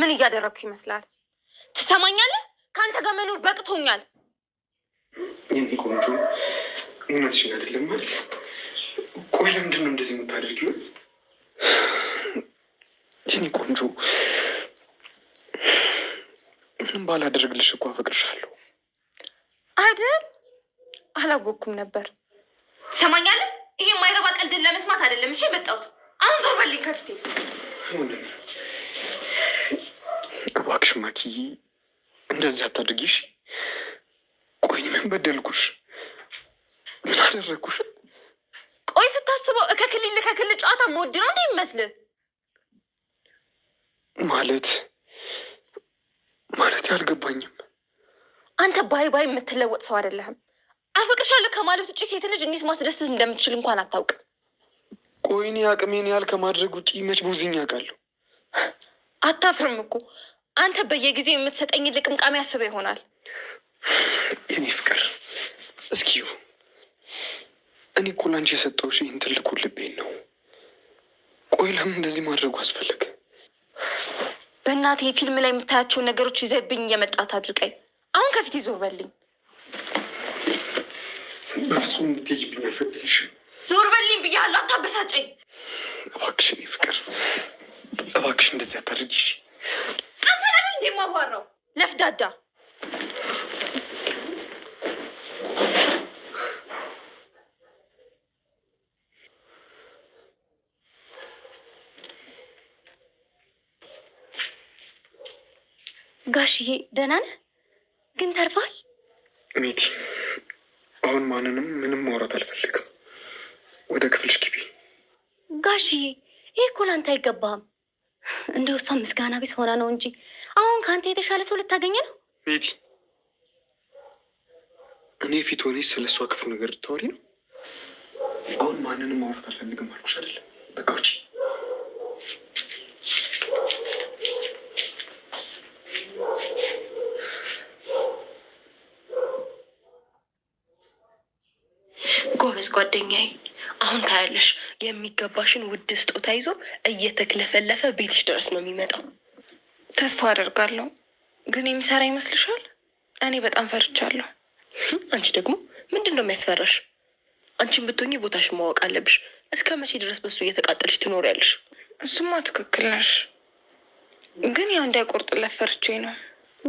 ምን እያደረግኩ ይመስላል? ትሰማኛለህ? ከአንተ ጋር መኖር በቅቶኛል። ይህን ቆንጆ እውነትሽን አይደለም ማለት ቆይ፣ ለምንድን ነው እንደዚህ የምታደርጊው? ይህን ቆንጆ ምንም ባላደርግልሽ እኮ አፈቅርሻለሁ አይደል? አላወቅኩም ነበር። ትሰማኛለህ? ይሄ የማይረባ ቀልድን ለመስማት አይደለም እሺ የመጣሁት። አሁን ዞር በልኝ ከፊቴ እባክሽ ማኪዬ እንደዚህ አታድርጊሽ። ቆይ ምን በደልኩሽ? ምን አደረግኩሽ? ቆይ ስታስበው ከክልል ከክልል ጨዋታ መወድ ነው እንዴ ይመስል ማለት ማለት አልገባኝም። አንተ ባይ ባይ የምትለወጥ ሰው አይደለህም። አፈቅርሻለሁ ከማለት ውጭ ሴት ልጅ እንዴት ማስደሰት እንደምትችል እንኳን አታውቅም። ቆይ አቅሜን ያህል ከማድረግ ውጭ መች ብዙኛ አውቃለሁ። አታፍርም እኮ አንተ በየጊዜው የምትሰጠኝ ልቅምቃሚ ያስበ ይሆናል። የኔ ፍቅር እስኪዩ እኔ እኮ ላንቺ የሰጠሁሽ ይህን ትልቁ ልቤን ነው። ቆይ ለምን እንደዚህ ማድረጉ አስፈለገ? በእናቴ ፊልም ላይ የምታያቸውን ነገሮች ይዘብኝ እየመጣት አድርቀኝ። አሁን ከፊት ይዞር በልኝ። በፍጹም እንድትሄጂብኝ አልፈቅድልሽም። ዞር በልኝ ብያለሁ፣ አታበሳጨኝ እባክሽ። እኔ ፍቅር እባክሽ እንደዚህ አታድርጊ። የማዋራው ለፍዳዳ ጋሽዬ ደህና ነህ? ግን ተርፋል። ቤቲ፣ አሁን ማንንም ምንም ማውራት አልፈልግም። ወደ ክፍልሽ ግቢ። ጋሽዬ፣ ይህ እኮ ላንተ አይገባህም። እንደ እሷ ምስጋና ቢስ ሆና ነው እንጂ አሁን ከአንተ የተሻለ ሰው ልታገኘ ነው። ቤቲ እኔ ፊት ሆኔ ስለ እሷ ክፉ ነገር ልታወሪ ነው? አሁን ማንንም ማውራት አልፈልግም አልኩሽ አይደለም? በቃ ውጪ። ጎበዝ ጓደኛዬ አሁን ታያለሽ፣ የሚገባሽን ውድ ስጦታ ይዞ እየተክለፈለፈ ቤትሽ ድረስ ነው የሚመጣው። ተስፋ አደርጋለሁ። ግን የሚሰራ ይመስልሻል? እኔ በጣም ፈርቻለሁ። አንቺ ደግሞ ምንድን ነው የሚያስፈራሽ? አንቺን ብትሆኚ ቦታሽ ማወቅ አለብሽ። እስከ መቼ ድረስ በሱ እየተቃጠልሽ ትኖሪያለሽ? እሱማ ትክክል ነሽ። ግን ያው እንዳይቆርጥለት ፈርቼ ነው።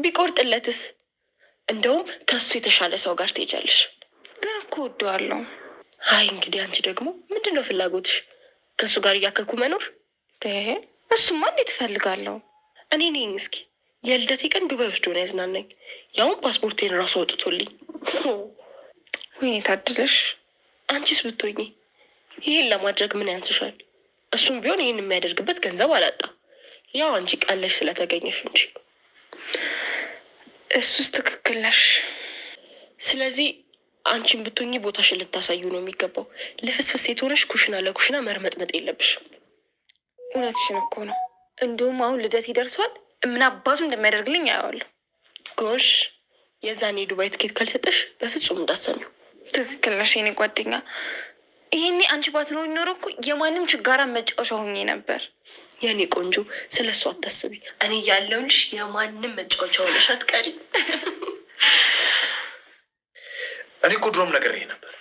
ቢቆርጥለትስ? እንደውም ከሱ የተሻለ ሰው ጋር ትሄጃለሽ። ግን እኮ ወደዋለሁ። አይ እንግዲህ አንቺ ደግሞ ምንድን ነው ፍላጎትሽ? ከእሱ ጋር እያከኩ መኖር? እሱማ እንዴት እፈልጋለሁ? እኔ ነኝ እስኪ የልደቴ ቀን ዱባይ ወስዶ ነው ያዝናናኝ። ያውም ፓስፖርቴን ራሱ አውጥቶልኝ። ወይ ታድለሽ። አንቺስ ብትሆኚ ይህን ለማድረግ ምን ያንስሻል? እሱም ቢሆን ይህን የሚያደርግበት ገንዘብ አላጣ። ያው አንቺ ቃለሽ ስለተገኘሽ እንጂ እሱስ ትክክል ነሽ። ስለዚህ አንቺን ብትሆኚ ቦታሽን ልታሳዩ ነው የሚገባው። ለፍስፍስ ሴት ሆነሽ ኩሽና ለኩሽና መርመጥመጥ የለብሽም። እውነትሽን እኮ ነው። እንዲሁም አሁን ልደት ይደርሷል። ምን አባቱ እንደሚያደርግልኝ አየዋለሁ። ጎሽ የዛኔ የዱባይ ትኬት ካልሰጠሽ በፍጹም እንዳትሰሚው። ትክክል ነሽ የኔ ጓደኛ። ይሄኔ አንቺ ባትኖር ይኖረ እኮ የማንም ችጋራ መጫወቻ ሆኜ ነበር። የኔ ቆንጆ ስለ እሱ አታስቢ። እኔ ያለሁልሽ የማንም መጫወቻ ሆነሽ አትቀሪ። እኔ እኮ ድሮም ነገር ይሄ ነበር።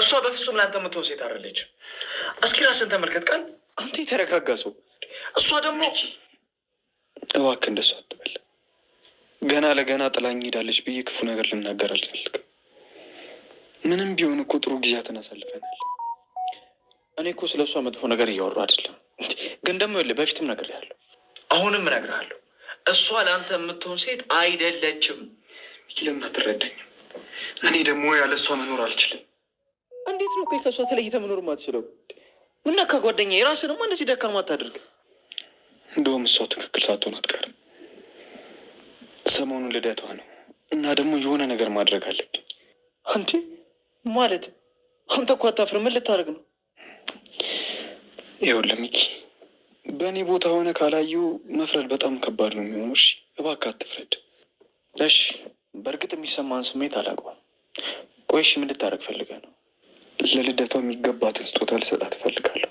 እሷ በፍጹም ለአንተ የምትሆን ሴት አይደለችም። እስኪ ራስን ተመልከት። ቃል አንተ የተረጋጋ ሰው፣ እሷ ደግሞ እባክህ እንደሷ አትበል። ገና ለገና ጥላኝ ሄዳለች ብዬ ክፉ ነገር ልናገር አልፈልግም። ምንም ቢሆን እኮ ጥሩ ጊዜያትን አሳልፈናል። እኔ እኮ ስለ እሷ መጥፎ ነገር እያወሩ አይደለም፣ ግን ደግሞ የለ በፊትም ነግሬሃለሁ፣ አሁንም እነግርሃለሁ፣ እሷ ለአንተ የምትሆን ሴት አይደለችም። ለምን አትረዳኝም? እኔ ደግሞ ያለ እሷ መኖር አልችልም። እንዴት ነው ቆይ ከእሷ ተለይተ መኖር ማትችለው? እና ከጓደኛ የራስህ እንደዚህ ደካማ አታድርግ። እንደውም እሷ ትክክል ሳትሆን አትቀርም። ሰሞኑን ልደቷ ነው እና ደግሞ የሆነ ነገር ማድረግ አለብኝ። አንቴ ማለት አንተ እኮ አታፍርም። ምን ልታደርግ ነው? ይኸውልህ ሚኪ፣ በእኔ ቦታ ሆነ ካላዩ መፍረድ በጣም ከባድ ነው የሚሆነው። እሺ እባክህ አትፍረድ። እሺ በእርግጥ የሚሰማን ስሜት አላውቀውም። ቆይሽ ምን ልታደርግ ፈልገህ ነው? ለልደቷ የሚገባትን ስጦታ ልሰጣት እፈልጋለሁ።